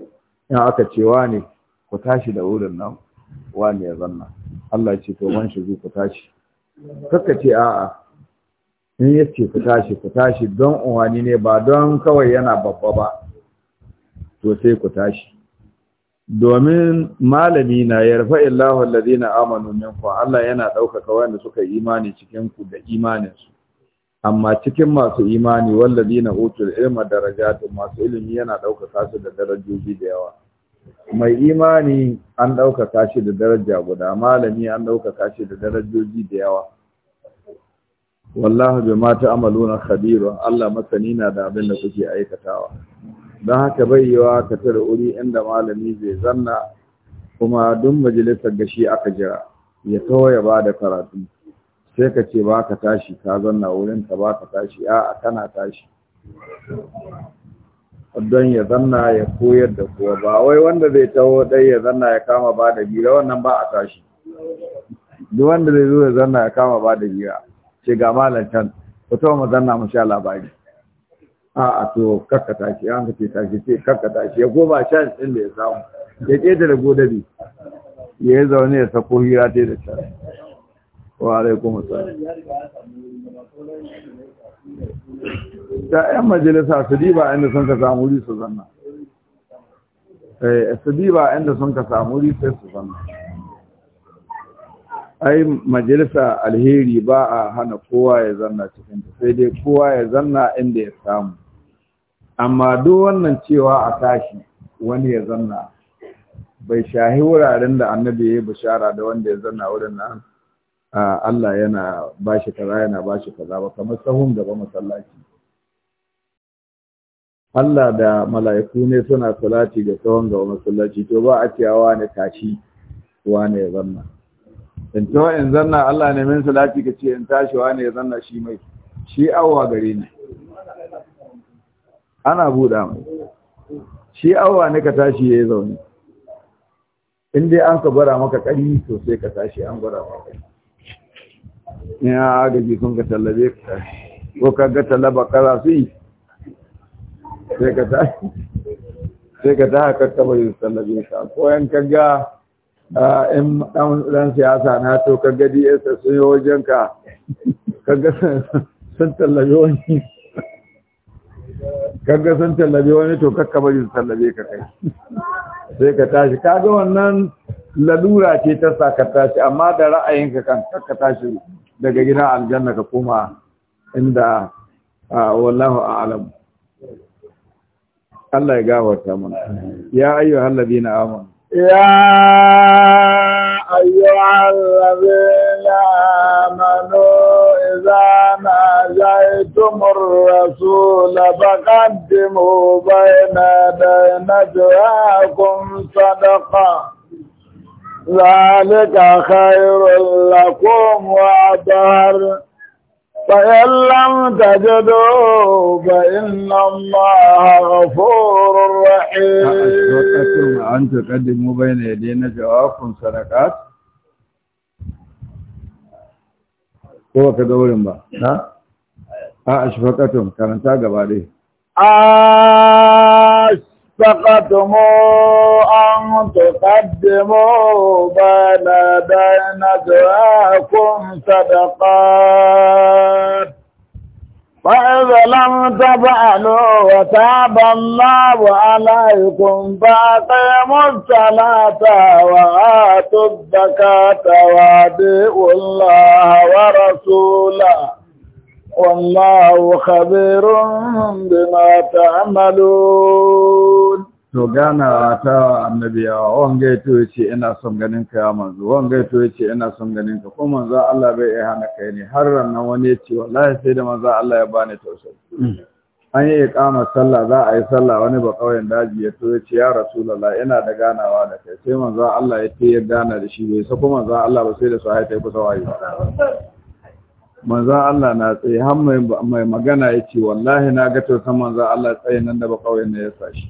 in aka cewa ne ku tashi da wurin nan wani ya zanna Allah ce to man shigo ku tashi kaka ce a'a in yake ku tashi ku tashi don uwani ne ba don kawai yana babba ba to sai ku tashi domin malami na yarfa illahu alladhina amanu minku Allah yana ɗaukaka wanda suka imani cikin ku da imanin su amma cikin masu imani wallazina utul ilma darajatun masu ilimi yana ɗaukaka su da darajoji da yawa mai imani an ɗaukaka shi da daraja guda malami an ɗaukaka shi da darajoji da yawa wallahu bi ma ta'maluna khabira Allah masani na da abin da kuke aikatawa don haka bai wa ka tare uri inda malami zai zanna kuma duk majalisar gashi aka jira ya kawo ya bada karatu sai ka ce ba ka tashi ka zanna wurin ka ba ka tashi a'a kana tashi don ya zanna ya koyar da kuwa ba wai wanda zai taho dai ya zanna ya kama ba da gira wannan ba a tashi duk wanda zai zo ya zanna ya kama ba da gira ce ga malantan can ku taho mu zanna mu sha labari a a to kakka tashi an ka ce tashi ce kakka tashi ya goma shan din da ya samu ya keta da godari ya yi zaune ya sako hira ta da can wa alaikum assalam da 'yan majalisa su diba inda sun ka samu wuri su zanna eh, su diba inda sun ka samu wuri sai su zanna ai majalisa alheri ba a hana kowa ya zanna cikin ta sai dai kowa ya zanna inda ya samu amma duk wannan cewa a tashi wani ya zanna bai shahi wuraren da annabi ya yi bishara da wanda ya zanna wurin nan Allah yana bashi kaza yana bashi kaza ba kamar sahun gaba masallaci Allah da mala'iku ne suna salati da sahun gaba masallaci to ba a cewa ne tashi wane ya zanna in to in zanna Allah ne min salati ka ce in tashi wane ya zanna shi mai shi awwa gare ni ana buɗa mai shi awwa ne ka tashi ya yi zaune in dai an ka gwada maka ƙari to sai ka tashi an gwada maka ƙari ya agaji sun ka tallabe ka ko ka ga talaba kara su yi sai ka ta ka ta haka kaba tallabe ka ko yan ka ga in dan siyasa na to ka ga DSS sun yi wajen ka ka ga sun tallabe wani ga sun tallabe wani to ka bari yin tallabe ka kai sai ka tashi ga wannan lalura ce ta sa ka tashi amma da ra'ayinka kan ka tashi daga gida aljanna ka koma inda wallahu a'lam Allah ya gawata mana ya ayyuhal ladina amanu ya ayyuhal ladina amanu idza rasul الرسول bayna بين دينتهاكم sadaqah ذلك خير لكم وأطهر فإن لم تجدوا فإن الله غفور رحيم أن تقدموا بين يدينا جواب صدقات هو كدور ما ها أشفقتهم كانت تاقب عليه آه استطعتم أن تقدموا بين بين دعاكم صدقات فإذا لم تفعلوا وتاب الله عليكم فأقيموا الصلاة وآتوا الزكاة وأطيعوا الله ورسوله wallahu khabirun bima ta'malun to gana ta annabiya wanga yato yace ina son ganin ka manzo wanga yato yace ina son ganin ka ko manzo Allah bai iya hana kai ne har nan wani yace wallahi sai da manzo Allah ya bani tausayi mm. an yi iqamar sallah za a yi sallah wani ba kauyen daji ya to yace ya rasulullah ina da ganawa da kai sai manzo Allah ya ce ya gana da shi bai kuma manzo Allah ba sai da sahaya ta kusa wayo manzan Allah na tsaye har mai magana ya ce wallahi na ga tausan manzan Allah tsaye nan da kawai na ya sashi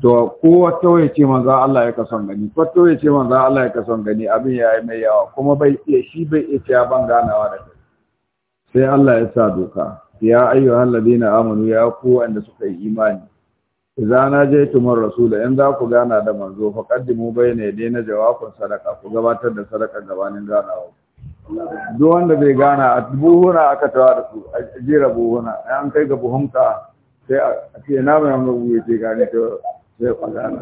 to ko wata tauye ce manzan Allah ya kason gani ko tauye ce manzan Allah ya kason gani abin ya yi mai yawa kuma bai iya shi bai iya ce ban ganawa da kai sai Allah ya sa doka ya ayyuhal ladina amanu ya ku wanda suka yi imani idza rasu rasul in za ku gana da manzo qaddimu bayna yadayna jawabun sadaqa ku gabatar da sadaqa gabanin ganawa duk wanda bai gana a buhuna aka tawa da su a jera buhuna an kai ga buhunka sai a ce na mai hannu buhu ce gane ta sai kwazana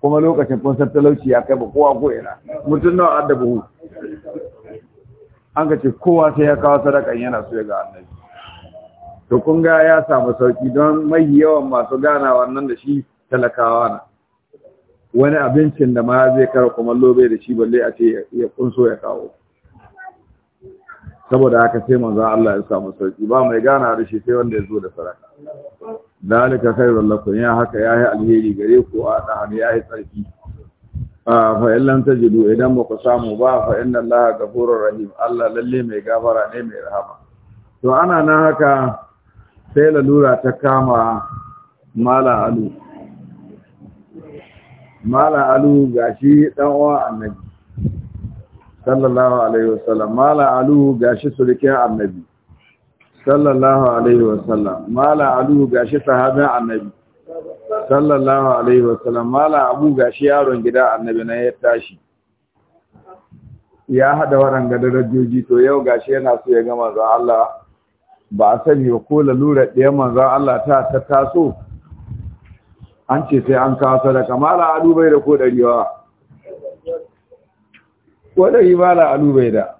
kuma lokacin kun san talauci ya kai ba kowa ko ina mutum nawa adda buhu an ka ce kowa sai ya kawo sadaka yana so ya ga annabi to kun ga ya samu sauki don mai yawan masu gana wannan da shi talakawa na wani abincin da ma zai kara kuma lobe da shi balle a ce ya kunso ya kawo saboda haka sai manzo Allah ya samu sauki ba mai gana da shi sai wanda ya zo da saraka dalika khairul lakum ya haka yayi alheri gare ku a dan yayi tsarki fa in lam tajidu idan ba ku samu ba fa inna Allah ghafurur rahim Allah lalle mai gafara ne mai rahama to ana nan haka sai lalura ta kama mala alu mala alu gashi dan uwa annabi sallallahu alaihi wasallam mala alu gashi sulikin annabi sallallahu alaihi wasallam mala alu gashi sahabin annabi sallallahu alaihi wasallam mala abu gashi yaron gida annabi na ya tashi ya hada waɗanda darajoji to yau gashi yana so ya gama za Allah ba a sani ba ko lalura ɗaya manzo Allah ta ta taso an ce sai an kawo sadaka mala alu bai da ko dariwa wadai ba alu bai da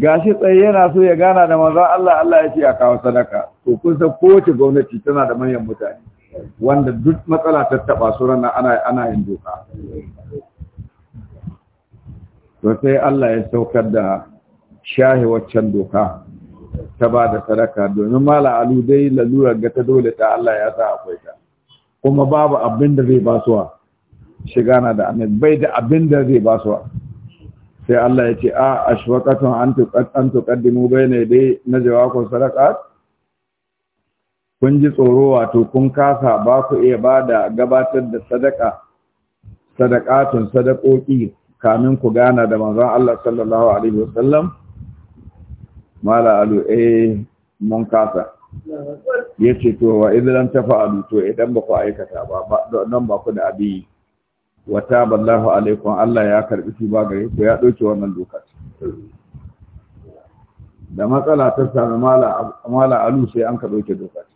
gashi tsaye yana so ya gana da maza Allah Allah ya ce a kawo sadaka to kun san kowace gwamnati tana da manyan mutane wanda duk matsala ta taba su ranar ana ana yin doka to sai Allah ya saukar da shahi waccan doka ta ba da sadaka domin mala alu dai lalurar ga ta dole ta Allah ya sa akwai ta kuma babu abin da zai basuwa shiga na da annabi bai da abin da zai ba su sai Allah ya ce a ashwaqatun an tuqaddan tuqaddimu bayna dai na jawakun sadaqat kun ji tsoro wato kun kasa ba ku iya da gabatar da sadaka sadaqatun sadaqoki kamin ku gana da manzon Allah sallallahu alaihi wasallam mala alu eh mun kasa yace to wa idan tafa'alu to idan ba ku aikata ba don ba ku da abi Wata taballahu alaikum Allah ya karbi ba gare ku ya doke wannan lokaci da matsala ta sami mala alu sai an ka doke lokaci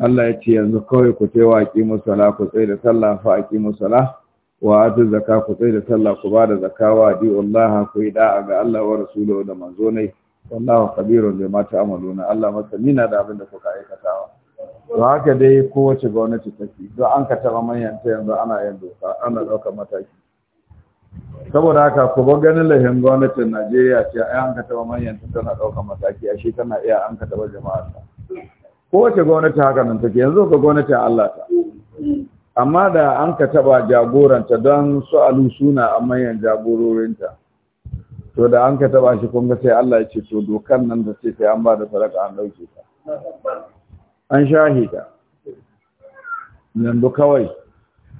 Allah ya ce yanzu kawai ku ce wa aqimu sala ku tsaye da sallah fa aqimu sala wa atu zaka ku tsaye da sallah ku da zaka wa di wallaha ku yi da'a ga Allah wa rasuluhu da manzo ne wallahu kabirun mata ta'maluna Allah na da abin da kuka aikatawa to haka dai kowace gwamnati take don an ka taɓa manyan ta yanzu ana yin doka ana ɗaukar mataki saboda haka ku bar ganin lahin gwamnatin Najeriya ce ai an ka taɓa manyan ta tana ɗaukar mataki ashe tana iya an ka taɓa jama'ar ta kowace gwamnati haka nan take yanzu ka gwamnatin Allah ta amma da an ka taɓa jagoranta don su alu suna a manyan jagororinta to da an ka taɓa shi kun ga sai Allah ya ce to dokan nan da ce sai an ba da sadaka an ɗauke ta an shahida yanzu kawai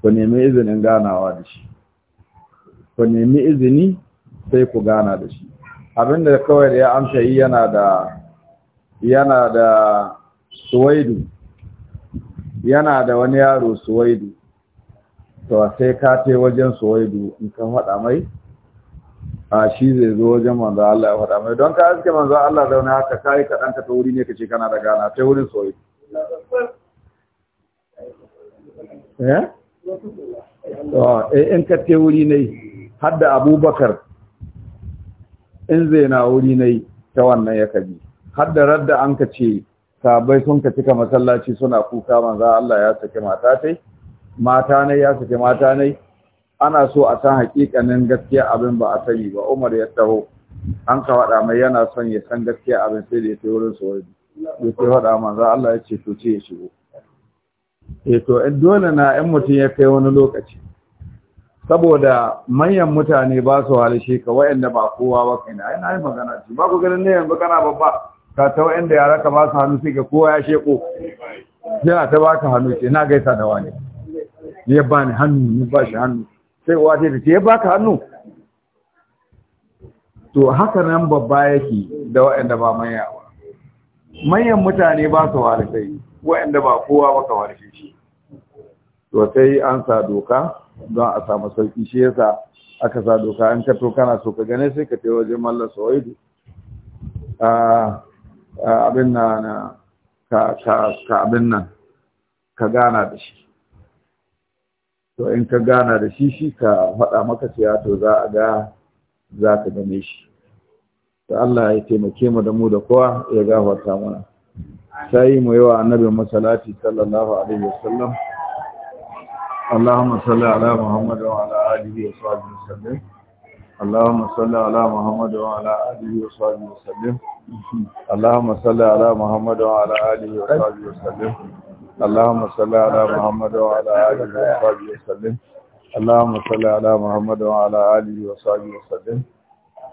ku nemi izinin ganawa da shi ku nemi izini sai ku gana da shi abinda kawai da ya amsa yi yana da yana da suwaidu yana da wani yaro suwaidu to sai ka te wajen suwaidu in ka faɗa mai a shi zai zo wajen manzo Allah ya faɗa mai don ka aske manzo Allah zaune haka kai kaɗan ka ta wuri ne ka ce kana da gana ta wurin suwaidu Eh? Eh, in ka te wuri ne hadda abubakar in zai na wuri ne ta wannan ya kaji har radda an ka ce sabai sun ka cika masallaci suna kuka manza Allah ya saki mata tai mata ne ya saki mata ne ana so a san hakikanin gaskiya abin ba a sani ba Umar ya taho an ka wada mai yana son ya san gaskiya abin sai da ya tayi wurin saurayi ya ke faɗa manzan Allah ya ce to ce ya shigo e to eh, dole na ‘yan mutum ya kai wani lokaci saboda manyan mutane ba su halishe ka da ba kowa ba kai na yana yi magana ce ba ku ganin ne yanzu kana babba ka ta da yara ka ba su hannu sai ga kowa ya sheko yana ta ba ka hannu ce na gaisa da wani ya ba ni hannu ni ba shi hannu sai uwa ce ce ya ba ka hannu to haka nan babba yake da da ba manya manyan mutane ba su warisai wa'anda ba kowa ka warishe shi to sai an sa doka don a samu sauki shi yasa aka sa doka an kato kana so ka gane sai ka tewa wajen mallar sawaidu abin na ka abin nan ka gana da shi to in ka gana da shi shi ka faɗa maka cewa to za a ga za ka gane shi ta Allah ya taimake mu da mu da kowa ya gafarta mana sai mu yawa annabi masalati sallallahu alaihi wasallam Allahumma salli ala Muhammad wa ala alihi wa sahbihi wasallam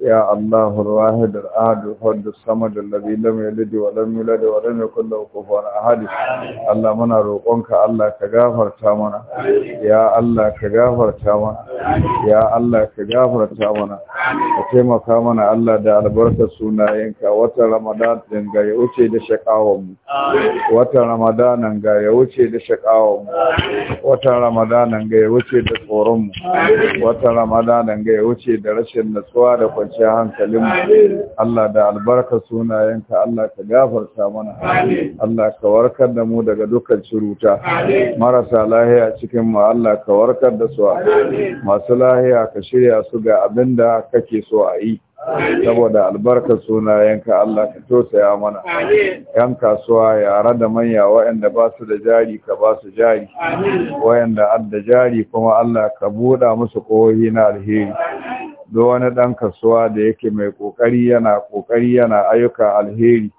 يا الله الواحد الأحد الفرد الصمد الذي لم يلد ولم يولد ولم يكن له كفوا أحد الله منا روقنك الله كغافر تامنا يا الله كغافر تامنا يا الله كغافر تامنا كما كامنا الله da albarkar sunayenka wata ramadan din ga ya wuce da shakawar mu wata ramadanan ga ya wuce da shakawar mu wata ramadanan ga ya wuce da tsoron mu wata ramadanan ga ya wuce da rashin natsuwa da kwanciyar hankalin hankalinmu. Allah da albarka sunayenka Allah ka gafarta mana Allah ka warkar da mu daga dukkan ciruta marasa lahiya cikin mu Allah ka warkar da su masu lahiya ka shirya su ga abin da kake so a yi saboda albarkar sunayenka Allah ka tosaya mana yan kasuwa yara da manya waɗanda ba su da jari ka ba su jari waɗanda adda jari kuma Allah ka buɗa musu ƙohi na alheri do wani ɗan kasuwa da yake mai ƙoƙari yana ƙoƙari yana ayyuka alheri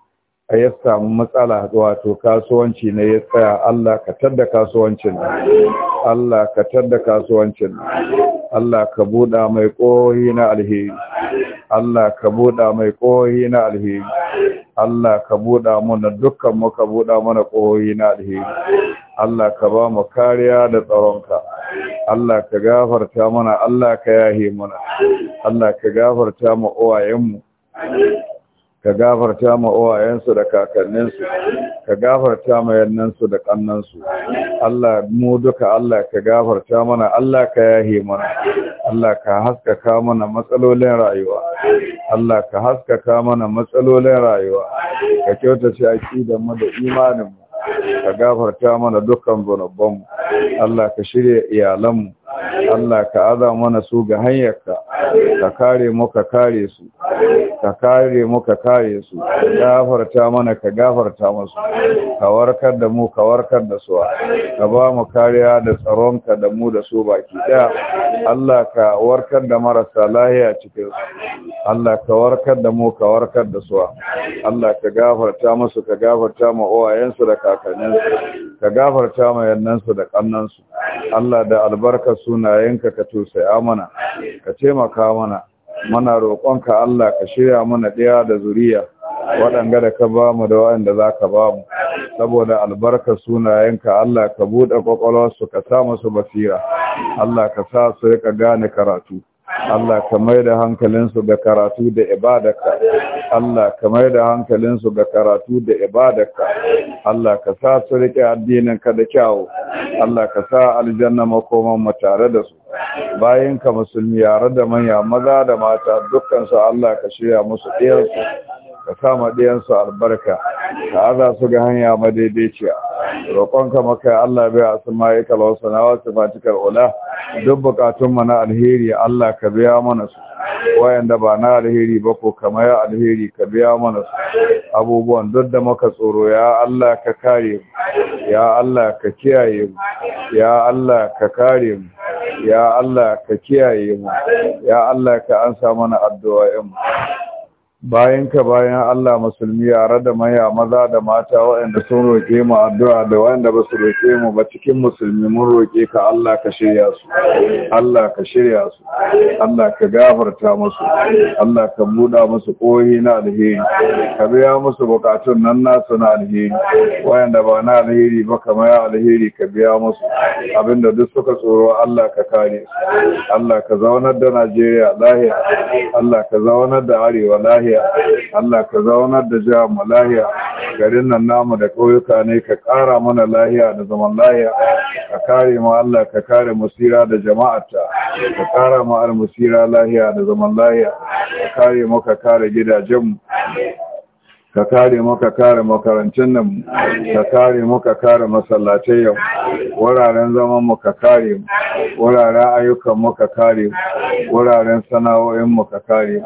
a ya samu matsala wato kasuwanci ne ya tsaya Allah ka tadda kasuwancin Allah ka tadda kasuwancin Allah ka buɗa mai ƙohi na alheri Allah ka buɗa mai ƙohohi na alheri Allah ka buɗa mana dukkan mu ka buɗa mana ƙohohi na alheri Allah ka ba mu kariya da tsaronka Allah ka gafarta mana Allah ka yahe mana Allah ka gafarta mu uwayenmu ka gafarta ma uwayensu da kakanninsu ka gafarta ma yannansu da kannansu Allah mu duka Allah ka gafarta mana Allah ka yahe mana Allah ka haskaka mana matsalolin rayuwa Allah ka haskaka mana matsalolin rayuwa ka shi aqidan mu da imanin mu ka gafarta mana dukkan mu Allah ka shirya iyalanmu Allah ka aza mana su ga hanyarka ka kare mu ka kare su ka kare mu ka kare su gafarta mana ka gafarta musu ka warkar da mu ka warkar da su ka ba mu kariya da tsaronka da mu da su baki daya Allah ka warkar da marasa lahiya cikin su Allah ka warkar da mu ka warkar da su Allah ka gafarta musu ka gafarta ma uwayensu da kakanninsu ka gafarta ma yannansu da kannansu Allah da albarkar sunayenka ka tosaya mana ka taimaka mana muna roƙonka Allah ka shirya mana ɗaya da zuriya waɗanga da ka ba mu da waɗanda za ka ba mu saboda albarka sunayenka Allah ka buɗe ƙwaƙwalwarsu ka sa musu basira Allah ka sa su rika gane karatu Allah ka mai da hankalinsu da karatu da ibadarka Allah ka mai da hankalinsu ga karatu da ibadarka Allah ka sa su rike addininka da kyawu Allah ka sa aljanna makoman mu tare da su bayan ka musulmi yare da manya maza da mata dukkan su Allah ka shirya musu ɗiyarsu ka kama ɗayansu albarka ka aza su ga hanya madaidaiciya roƙonka maka Allah biya su ma'aika lausana su fatikar ola duk bukatunmu na alheri Allah ka biya mana su wayanda ba na alheri ba ko kama ya alheri ka biya mana su abubuwan duk da maka tsoro ya Allah ka kare mu ya Allah ka kiyaye mu ya Allah ka kare mu ya Allah ka kiyaye mu ya Allah ka ansa mana addu'a mu bayan ka bayan Allah musulmi yare da maya maza da mata waɗanda sun roƙe mu addu'a da waɗanda ba su roƙe mu ba cikin musulmi mun roƙe ka Allah ka shirya su Allah ka shirya su Allah ka gafarta musu Allah ka buɗa musu ƙohi na alheri ka biya musu buƙatun nan nasu na alheri waɗanda ba na alheri ba ka maya alheri ka biya musu abinda duk suka tsoro Allah ka kare su Allah ka zaunar da Najeriya lahiya Allah ka zaunar da Arewa lahiya lahiya Allah ka zaunar da jihar mu lahiya garin nan namu da ƙauyuka ne ka ƙara mana lahiya da zaman lahiya ka kare mu Allah ka kare musira da jama'arta ka ƙara mu al musira lahiya da zaman lahiya ka kare mu ka kare gidajen mu ka kare mu ka kare makarancin nan ka kare mu ka kare masallatai yau wuraren zaman mu ka kare wuraren ayyukan mu ka kare wuraren sana'o'in mu ka kare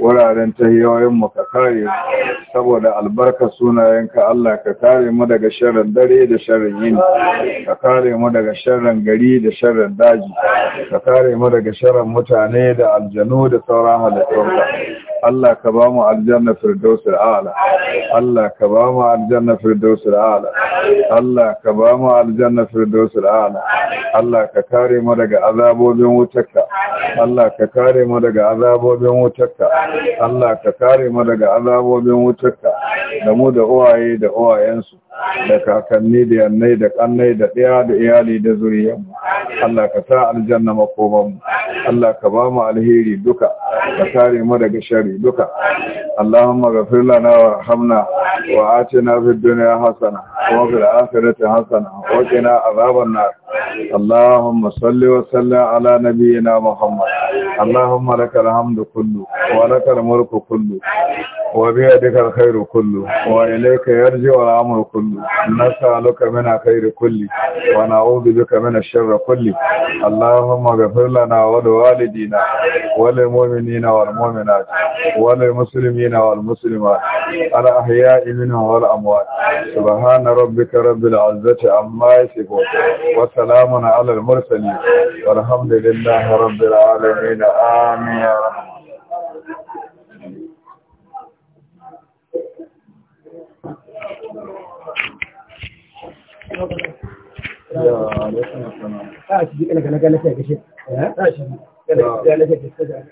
wuraren tahiyoyin mu ka kare saboda albarka sunayen ka Allah ka kare mu daga sharrin dare da sharrin yini ka kare mu daga sharrin gari da sharrin daji ka kare mu daga sharrin mutane da aljanu da sauran halittunka Allah ka ba mu aljanna firdausul a'la Allah ka ba mu aljanna firdausul a'la Allah ka ba mu aljanna firdausul a'la Allah ka kare mu daga azabobin wutarka Allah ka kare mu daga azabobin wutarka Allah ka kare mu daga azabobin wutarka da mu da uwaye da uwayensu da kakanni da yannai da kannai da ɗaya da iyali da zuriya Allah ka sa aljanna makomanmu Allah ka bamu alheri duka ka kare mu daga shari duka Allahumma ghafir lana wa rahamna wa atina fid dunya hasana wa fil akhirati hasana wa qina azaban nar Allahumma salli wa sallim ala nabiyyina Muhammad Allahumma lakal hamdu kullu wa lakal mulku kullu wa bi yadika alkhairu kullu wa ilayka yarji'u al'amru kullu nasaluka min khairi kulli wa na'udhu bika min sharri kulli allahumma ghfir lana wa li walidina wa li mu'minina wal mu'minati wa li muslimina wal muslimat al ahya'i minhum wal amwat subhana rabbika rabbil 'izzati 'amma yasifun wa salamun 'alal mursalin walhamdulillahi rabbil 'alamin amin ya rabbal لا لا لا لا